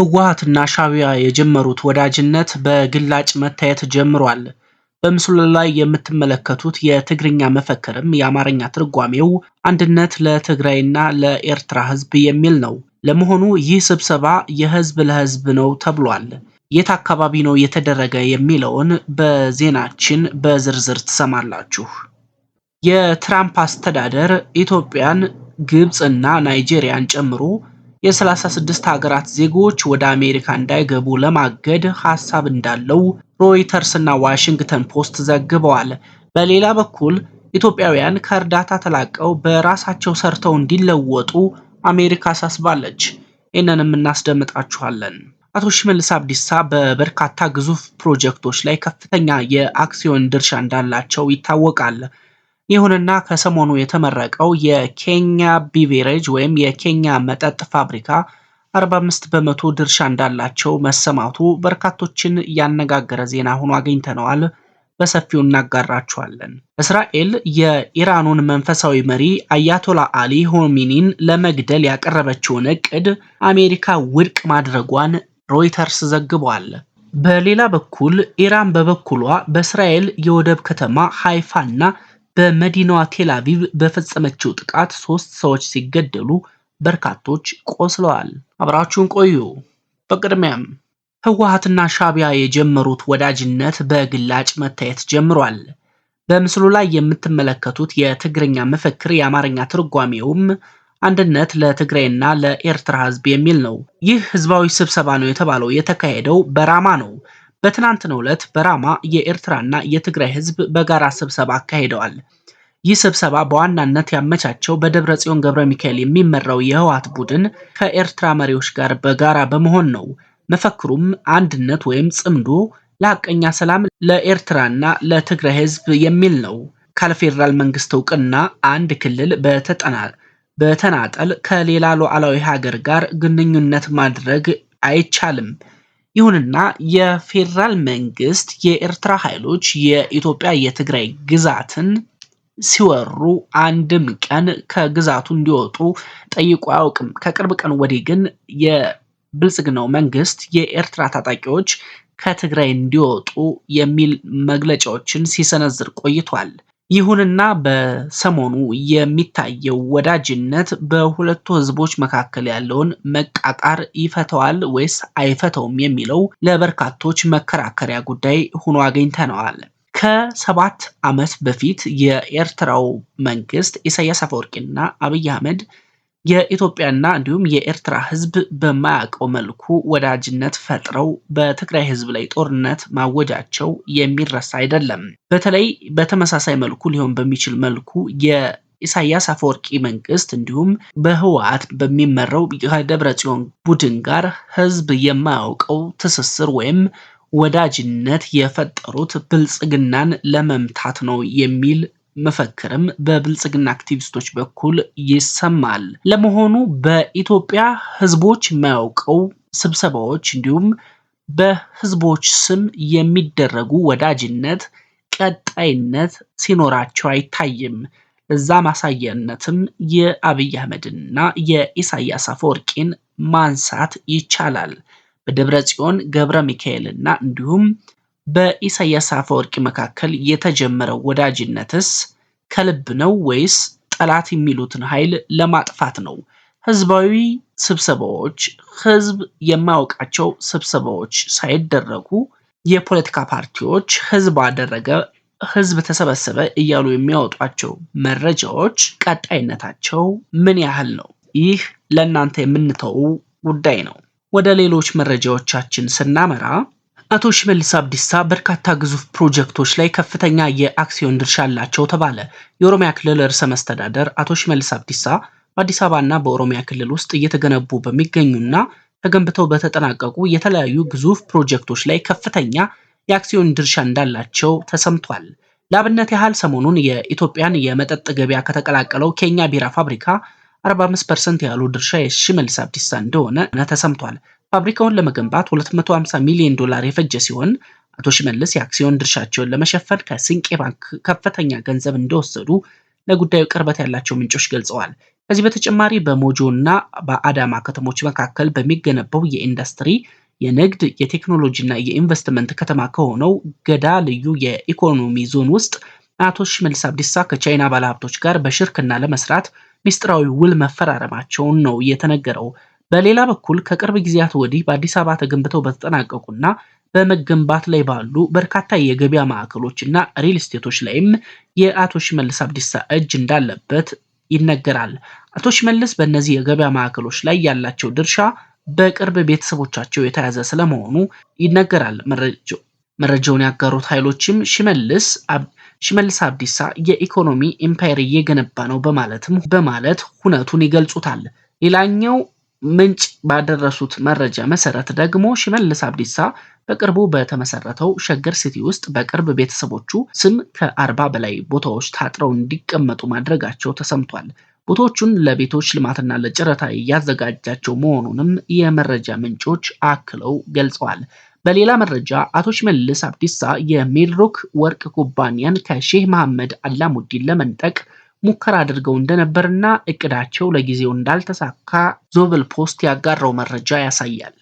ህወሓትና ሻቢያ የጀመሩት ወዳጅነት በግላጭ መታየት ጀምሯል። በምስሉ ላይ የምትመለከቱት የትግርኛ መፈክርም የአማርኛ ትርጓሜው አንድነት ለትግራይና ለኤርትራ ህዝብ የሚል ነው። ለመሆኑ ይህ ስብሰባ የህዝብ ለህዝብ ነው ተብሏል። የት አካባቢ ነው የተደረገ የሚለውን በዜናችን በዝርዝር ትሰማላችሁ። የትራምፕ አስተዳደር ኢትዮጵያን፣ ግብፅና ናይጄሪያን ጨምሮ የ36 ሀገራት ዜጎች ወደ አሜሪካ እንዳይገቡ ለማገድ ሀሳብ እንዳለው ሮይተርስ እና ዋሽንግተን ፖስት ዘግበዋል። በሌላ በኩል ኢትዮጵያውያን ከእርዳታ ተላቀው በራሳቸው ሰርተው እንዲለወጡ አሜሪካ አሳስባለች። ይህንንም እናስደምጣችኋለን። አቶ ሽመልስ አብዲሳ በበርካታ ግዙፍ ፕሮጀክቶች ላይ ከፍተኛ የአክሲዮን ድርሻ እንዳላቸው ይታወቃል። ይሁንና ከሰሞኑ የተመረቀው የኬኛ ቢቬሬጅ ወይም የኬኛ መጠጥ ፋብሪካ 45 በመቶ ድርሻ እንዳላቸው መሰማቱ በርካቶችን ያነጋገረ ዜና ሆኖ አግኝተነዋል። በሰፊው እናጋራችኋለን። እስራኤል የኢራኑን መንፈሳዊ መሪ አያቶላ አሊ ሆሚኒን ለመግደል ያቀረበችውን እቅድ አሜሪካ ውድቅ ማድረጓን ሮይተርስ ዘግቧል። በሌላ በኩል ኢራን በበኩሏ በእስራኤል የወደብ ከተማ ሃይፋና በመዲናዋ ቴል አቪቭ በፈጸመችው ጥቃት ሶስት ሰዎች ሲገደሉ በርካቶች ቆስለዋል። አብራችሁን ቆዩ። በቅድሚያም ህወሀትና ሻቢያ የጀመሩት ወዳጅነት በግላጭ መታየት ጀምሯል። በምስሉ ላይ የምትመለከቱት የትግርኛ መፈክር የአማርኛ ትርጓሜውም አንድነት ለትግራይና ለኤርትራ ህዝብ የሚል ነው። ይህ ህዝባዊ ስብሰባ ነው የተባለው የተካሄደው በራማ ነው። በትናንትናው ዕለት በራማ የኤርትራና የትግራይ ህዝብ በጋራ ስብሰባ አካሂደዋል። ይህ ስብሰባ በዋናነት ያመቻቸው በደብረ ጽዮን ገብረ ሚካኤል የሚመራው የህወሓት ቡድን ከኤርትራ መሪዎች ጋር በጋራ በመሆን ነው። መፈክሩም አንድነት ወይም ጽምዶ ለሀቀኛ ሰላም ለኤርትራና ለትግራይ ህዝብ የሚል ነው። ካልፌዴራል መንግስት እውቅና አንድ ክልል በተናጠል ከሌላ ሉዓላዊ ሀገር ጋር ግንኙነት ማድረግ አይቻልም። ይሁንና የፌዴራል መንግስት የኤርትራ ኃይሎች የኢትዮጵያ የትግራይ ግዛትን ሲወሩ አንድም ቀን ከግዛቱ እንዲወጡ ጠይቆ አያውቅም። ከቅርብ ቀን ወዲህ ግን የብልጽግናው መንግስት የኤርትራ ታጣቂዎች ከትግራይ እንዲወጡ የሚል መግለጫዎችን ሲሰነዝር ቆይቷል። ይሁንና በሰሞኑ የሚታየው ወዳጅነት በሁለቱ ህዝቦች መካከል ያለውን መቃቃር ይፈተዋል ወይስ አይፈተውም የሚለው ለበርካቶች መከራከሪያ ጉዳይ ሆኖ አግኝተነዋል። ከሰባት ዓመት በፊት የኤርትራው መንግስት ኢሳያስ አፈወርቂና አብይ አህመድ የኢትዮጵያና እንዲሁም የኤርትራ ህዝብ በማያውቀው መልኩ ወዳጅነት ፈጥረው በትግራይ ህዝብ ላይ ጦርነት ማወጃቸው የሚረሳ አይደለም። በተለይ በተመሳሳይ መልኩ ሊሆን በሚችል መልኩ የኢሳያስ አፈወርቂ መንግስት እንዲሁም በህወሓት በሚመራው ከደብረ ጽዮን ቡድን ጋር ህዝብ የማያውቀው ትስስር ወይም ወዳጅነት የፈጠሩት ብልጽግናን ለመምታት ነው የሚል መፈክርም በብልጽግና አክቲቪስቶች በኩል ይሰማል። ለመሆኑ በኢትዮጵያ ህዝቦች የማያውቀው ስብሰባዎች እንዲሁም በህዝቦች ስም የሚደረጉ ወዳጅነት ቀጣይነት ሲኖራቸው አይታይም። እዛ ማሳያነትም የአብይ አህመድንና የኢሳያስ አፈወርቂን ማንሳት ይቻላል። በደብረ ጽዮን ገብረ ሚካኤልና እንዲሁም በኢሳያስ አፈወርቂ መካከል የተጀመረው ወዳጅነትስ ከልብ ነው ወይስ ጠላት የሚሉትን ኃይል ለማጥፋት ነው? ህዝባዊ ስብሰባዎች፣ ህዝብ የማያውቃቸው ስብሰባዎች ሳይደረጉ የፖለቲካ ፓርቲዎች ህዝብ አደረገ፣ ህዝብ ተሰበሰበ እያሉ የሚያወጧቸው መረጃዎች ቀጣይነታቸው ምን ያህል ነው? ይህ ለእናንተ የምንተው ጉዳይ ነው። ወደ ሌሎች መረጃዎቻችን ስናመራ አቶ ሽመልስ አብዲሳ በርካታ ግዙፍ ፕሮጀክቶች ላይ ከፍተኛ የአክሲዮን ድርሻ አላቸው ተባለ። የኦሮሚያ ክልል ርዕሰ መስተዳደር አቶ ሽመልስ አብዲሳ በአዲስ አበባና በኦሮሚያ ክልል ውስጥ እየተገነቡ በሚገኙና ተገንብተው በተጠናቀቁ የተለያዩ ግዙፍ ፕሮጀክቶች ላይ ከፍተኛ የአክሲዮን ድርሻ እንዳላቸው ተሰምቷል። ለአብነት ያህል ሰሞኑን የኢትዮጵያን የመጠጥ ገበያ ከተቀላቀለው ኬኛ ቢራ ፋብሪካ 45 ፐርሰንት ያሉ ድርሻ የሽመልስ አብዲሳ እንደሆነ ተሰምቷል። ፋብሪካውን ለመገንባት 250 ሚሊዮን ዶላር የፈጀ ሲሆን አቶ ሽመልስ የአክሲዮን ድርሻቸውን ለመሸፈን ከስንቄ ባንክ ከፍተኛ ገንዘብ እንደወሰዱ ለጉዳዩ ቅርበት ያላቸው ምንጮች ገልጸዋል። ከዚህ በተጨማሪ በሞጆ እና በአዳማ ከተሞች መካከል በሚገነባው የኢንዱስትሪ የንግድ፣ የቴክኖሎጂ እና የኢንቨስትመንት ከተማ ከሆነው ገዳ ልዩ የኢኮኖሚ ዞን ውስጥ አቶ ሽመልስ አብዲሳ ከቻይና ባለሀብቶች ጋር በሽርክና ለመስራት ሚስጥራዊ ውል መፈራረማቸውን ነው የተነገረው። በሌላ በኩል ከቅርብ ጊዜያት ወዲህ በአዲስ አበባ ተገንብተው በተጠናቀቁና በመገንባት ላይ ባሉ በርካታ የገበያ ማዕከሎች እና ሪል ስቴቶች ላይም የአቶ ሽመልስ አብዲሳ እጅ እንዳለበት ይነገራል። አቶ ሽመልስ በእነዚህ የገበያ ማዕከሎች ላይ ያላቸው ድርሻ በቅርብ ቤተሰቦቻቸው የተያዘ ስለመሆኑ ይነገራል። መረጃውን ያጋሩት ኃይሎችም ሽመልስ ሽመልስ አብዲሳ የኢኮኖሚ ኢምፓየር እየገነባ ነው በማለትም በማለት ሁነቱን ይገልጹታል። ሌላኛው ምንጭ ባደረሱት መረጃ መሰረት ደግሞ ሽመልስ አብዲሳ በቅርቡ በተመሰረተው ሸገር ሲቲ ውስጥ በቅርብ ቤተሰቦቹ ስም ከአርባ በላይ ቦታዎች ታጥረው እንዲቀመጡ ማድረጋቸው ተሰምቷል። ቦታዎቹን ለቤቶች ልማትና ለጨረታ እያዘጋጃቸው መሆኑንም የመረጃ ምንጮች አክለው ገልጸዋል። በሌላ መረጃ አቶ ሽመልስ አብዲሳ የሚድሮክ ወርቅ ኩባንያን ከሼህ መሐመድ አላሙዲን ለመንጠቅ ሙከራ አድርገው እንደነበርና እቅዳቸው ለጊዜው እንዳልተሳካ ዞብል ፖስት ያጋራው መረጃ ያሳያል።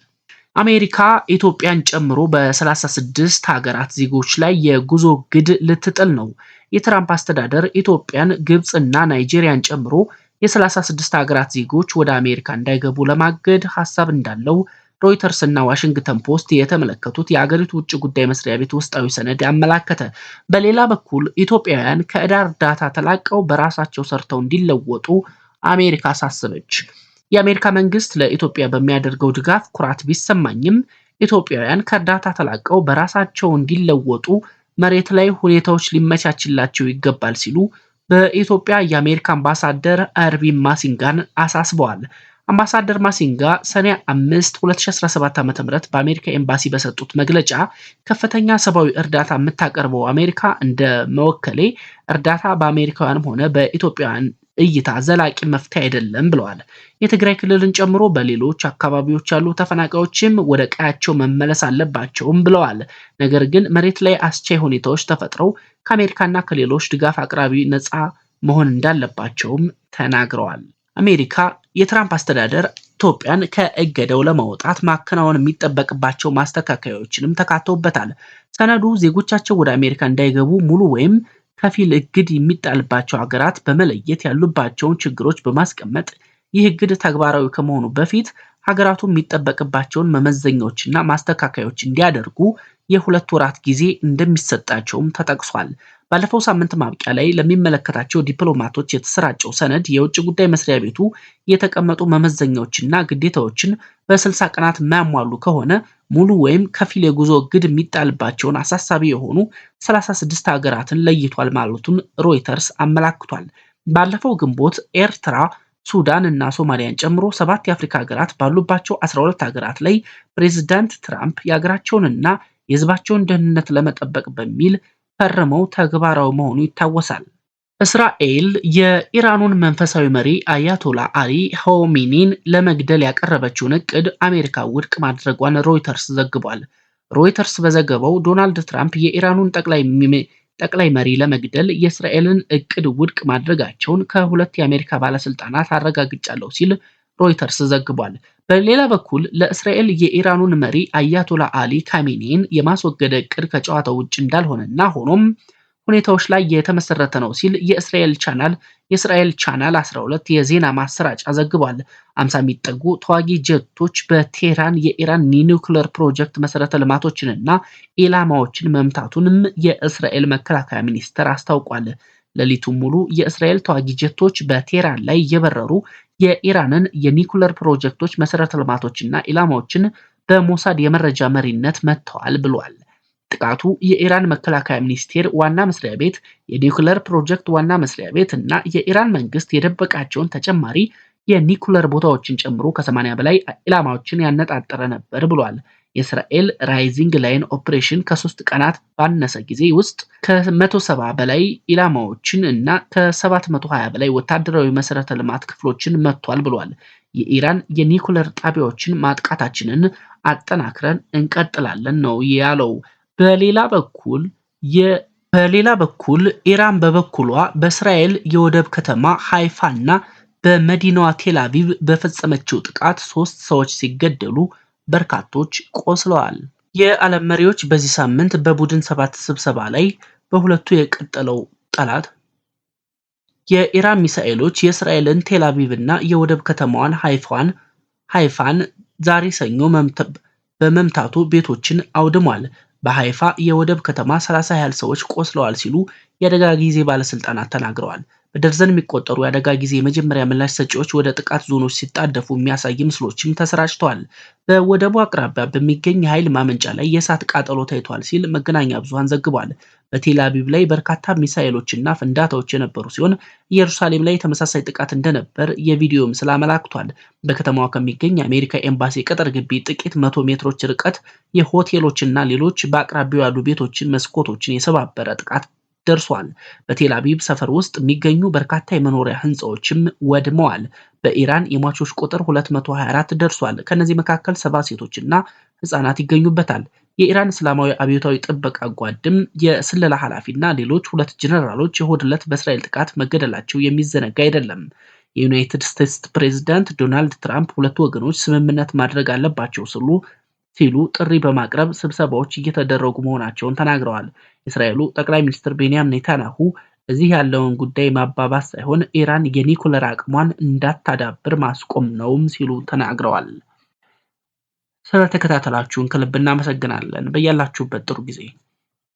አሜሪካ ኢትዮጵያን ጨምሮ በ36 ሀገራት ዜጎች ላይ የጉዞ ግድ ልትጥል ነው። የትራምፕ አስተዳደር ኢትዮጵያን፣ ግብፅና ናይጄሪያን ጨምሮ የ36 ሀገራት ዜጎች ወደ አሜሪካ እንዳይገቡ ለማገድ ሀሳብ እንዳለው ሮይተርስ እና ዋሽንግተን ፖስት የተመለከቱት የአገሪቱ ውጭ ጉዳይ መስሪያ ቤት ውስጣዊ ሰነድ ያመላከተ በሌላ በኩል ኢትዮጵያውያን ከዕዳ እርዳታ ተላቀው በራሳቸው ሰርተው እንዲለወጡ አሜሪካ አሳሰበች። የአሜሪካ መንግስት ለኢትዮጵያ በሚያደርገው ድጋፍ ኩራት ቢሰማኝም ኢትዮጵያውያን ከእርዳታ ተላቀው በራሳቸው እንዲለወጡ መሬት ላይ ሁኔታዎች ሊመቻችላቸው ይገባል ሲሉ በኢትዮጵያ የአሜሪካ አምባሳደር አርቪን ማሲንጋን አሳስበዋል። አምባሳደር ማሲንጋ ሰኔ 5 2017 ዓ ም በአሜሪካ ኤምባሲ በሰጡት መግለጫ ከፍተኛ ሰብአዊ እርዳታ የምታቀርበው አሜሪካ እንደ መወከሌ እርዳታ በአሜሪካውያንም ሆነ በኢትዮጵያውያን እይታ ዘላቂ መፍትሄ አይደለም ብለዋል። የትግራይ ክልልን ጨምሮ በሌሎች አካባቢዎች ያሉ ተፈናቃዮችም ወደ ቀያቸው መመለስ አለባቸውም ብለዋል። ነገር ግን መሬት ላይ አስቻይ ሁኔታዎች ተፈጥረው ከአሜሪካና ከሌሎች ድጋፍ አቅራቢ ነፃ መሆን እንዳለባቸውም ተናግረዋል። አሜሪካ የትራምፕ አስተዳደር ኢትዮጵያን ከእገዳው ለማውጣት ማከናወን የሚጠበቅባቸው ማስተካከያዎችንም ተካተውበታል። ሰነዱ ዜጎቻቸው ወደ አሜሪካ እንዳይገቡ ሙሉ ወይም ከፊል እግድ የሚጣልባቸው ሀገራት በመለየት ያሉባቸውን ችግሮች በማስቀመጥ ይህ እግድ ተግባራዊ ከመሆኑ በፊት ሀገራቱ የሚጠበቅባቸውን መመዘኛዎችና ማስተካከያዎች እንዲያደርጉ የሁለት ወራት ጊዜ እንደሚሰጣቸውም ተጠቅሷል። ባለፈው ሳምንት ማብቂያ ላይ ለሚመለከታቸው ዲፕሎማቶች የተሰራጨው ሰነድ የውጭ ጉዳይ መስሪያ ቤቱ የተቀመጡ መመዘኛዎችና ግዴታዎችን በ60 ቀናት የማያሟሉ ከሆነ ሙሉ ወይም ከፊል የጉዞ እግድ የሚጣልባቸውን አሳሳቢ የሆኑ 36 ሀገራትን ለይቷል ማለቱን ሮይተርስ አመላክቷል። ባለፈው ግንቦት ኤርትራ ሱዳን እና ሶማሊያን ጨምሮ ሰባት የአፍሪካ ሀገራት ባሉባቸው 12 ሀገራት ላይ ፕሬዝዳንት ትራምፕ የሀገራቸውንና የህዝባቸውን ደህንነት ለመጠበቅ በሚል ፈርመው ተግባራዊ መሆኑ ይታወሳል። እስራኤል የኢራኑን መንፈሳዊ መሪ አያቶላ አሊ ሆሚኒን ለመግደል ያቀረበችውን እቅድ አሜሪካ ውድቅ ማድረጓን ሮይተርስ ዘግቧል። ሮይተርስ በዘገበው ዶናልድ ትራምፕ የኢራኑን ጠቅላይ መሪ ለመግደል የእስራኤልን እቅድ ውድቅ ማድረጋቸውን ከሁለት የአሜሪካ ባለስልጣናት አረጋግጫለሁ ሲል ሮይተርስ ዘግቧል። በሌላ በኩል ለእስራኤል የኢራኑን መሪ አያቶላ አሊ ካሜኔን የማስወገድ እቅድ ከጨዋታው ውጭ እንዳልሆነና ሆኖም ሁኔታዎች ላይ የተመሰረተ ነው ሲል የእስራኤል ቻናል የእስራኤል ቻናል 12 የዜና ማሰራጫ ዘግቧል። አምሳ የሚጠጉ ተዋጊ ጀቶች በቴህራን የኢራን ኒውክለር ፕሮጀክት መሰረተ ልማቶችንና ኢላማዎችን መምታቱንም የእስራኤል መከላከያ ሚኒስቴር አስታውቋል። ሌሊቱን ሙሉ የእስራኤል ተዋጊ ጀቶች በቴህራን ላይ እየበረሩ የኢራንን የኒኩለር ፕሮጀክቶች መሰረተ ልማቶችና ኢላማዎችን በሞሳድ የመረጃ መሪነት መጥተዋል ብሏል። ጥቃቱ የኢራን መከላከያ ሚኒስቴር ዋና መስሪያ ቤት፣ የኒኩለር ፕሮጀክት ዋና መስሪያ ቤት እና የኢራን መንግስት የደበቃቸውን ተጨማሪ የኒኩለር ቦታዎችን ጨምሮ ከ80 በላይ ኢላማዎችን ያነጣጠረ ነበር ብሏል። የእስራኤል ራይዚንግ ላይን ኦፕሬሽን ከሶስት ቀናት ባነሰ ጊዜ ውስጥ ከ170 በላይ ኢላማዎችን እና ከ720 በላይ ወታደራዊ መሰረተ ልማት ክፍሎችን መቷል ብሏል። የኢራን የኒኩለር ጣቢያዎችን ማጥቃታችንን አጠናክረን እንቀጥላለን ነው ያለው። በሌላ በኩል በሌላ በኩል ኢራን በበኩሏ በእስራኤል የወደብ ከተማ ሃይፋና በመዲናዋ ቴል አቪቭ በፈጸመችው ጥቃት ሶስት ሰዎች ሲገደሉ በርካቶች ቆስለዋል። የዓለም መሪዎች በዚህ ሳምንት በቡድን ሰባት ስብሰባ ላይ በሁለቱ የቀጠለው ጠላት የኢራን ሚሳኤሎች የእስራኤልን ቴል አቪቭ እና የወደብ ከተማዋን ሃይፋን ሃይፋን ዛሬ ሰኞ በመምታቱ ቤቶችን አውድሟል። በሃይፋ የወደብ ከተማ 30 ያህል ሰዎች ቆስለዋል ሲሉ የአደጋ ጊዜ ባለስልጣናት ተናግረዋል። በደርዘን የሚቆጠሩ የአደጋ ጊዜ የመጀመሪያ ምላሽ ሰጪዎች ወደ ጥቃት ዞኖች ሲጣደፉ የሚያሳይ ምስሎችም ተሰራጭተዋል። በወደቡ አቅራቢያ በሚገኝ የኃይል ማመንጫ ላይ የእሳት ቃጠሎ ታይቷል ሲል መገናኛ ብዙሃን ዘግቧል። በቴል አቪቭ ላይ በርካታ ሚሳኤሎችና ፍንዳታዎች የነበሩ ሲሆን ኢየሩሳሌም ላይ ተመሳሳይ ጥቃት እንደነበር የቪዲዮ ምስል አመላክቷል። በከተማዋ ከሚገኝ የአሜሪካ ኤምባሲ ቅጥር ግቢ ጥቂት መቶ ሜትሮች ርቀት የሆቴሎችና ሌሎች በአቅራቢያው ያሉ ቤቶችን መስኮቶችን የሰባበረ ጥቃት ደርሷል። በቴል ሰፈር ውስጥ የሚገኙ በርካታ የመኖሪያ ህንፃዎችም ወድመዋል። በኢራን የሟቾች ቁጥር 224 ደርሷል። ከእነዚህ መካከል ሰባ ሴቶችና ህፃናት ይገኙበታል። የኢራን እስላማዊ አብዮታዊ ጥበቃ ጓድም የስለላ ኃላፊና ሌሎች ሁለት ጀነራሎች የእሁድ ዕለት በእስራኤል ጥቃት መገደላቸው የሚዘነጋ አይደለም። የዩናይትድ ስቴትስ ፕሬዝዳንት ዶናልድ ትራምፕ ሁለቱ ወገኖች ስምምነት ማድረግ አለባቸው ሲሉ ሲሉ ጥሪ በማቅረብ ስብሰባዎች እየተደረጉ መሆናቸውን ተናግረዋል። የእስራኤሉ ጠቅላይ ሚኒስትር ቤንያሚን ኔታንያሁ እዚህ ያለውን ጉዳይ ማባባስ ሳይሆን ኢራን የኒኩለር አቅሟን እንዳታዳብር ማስቆም ነውም ሲሉ ተናግረዋል። ስለተከታተላችሁን ከልብ እናመሰግናለን። በያላችሁበት ጥሩ ጊዜ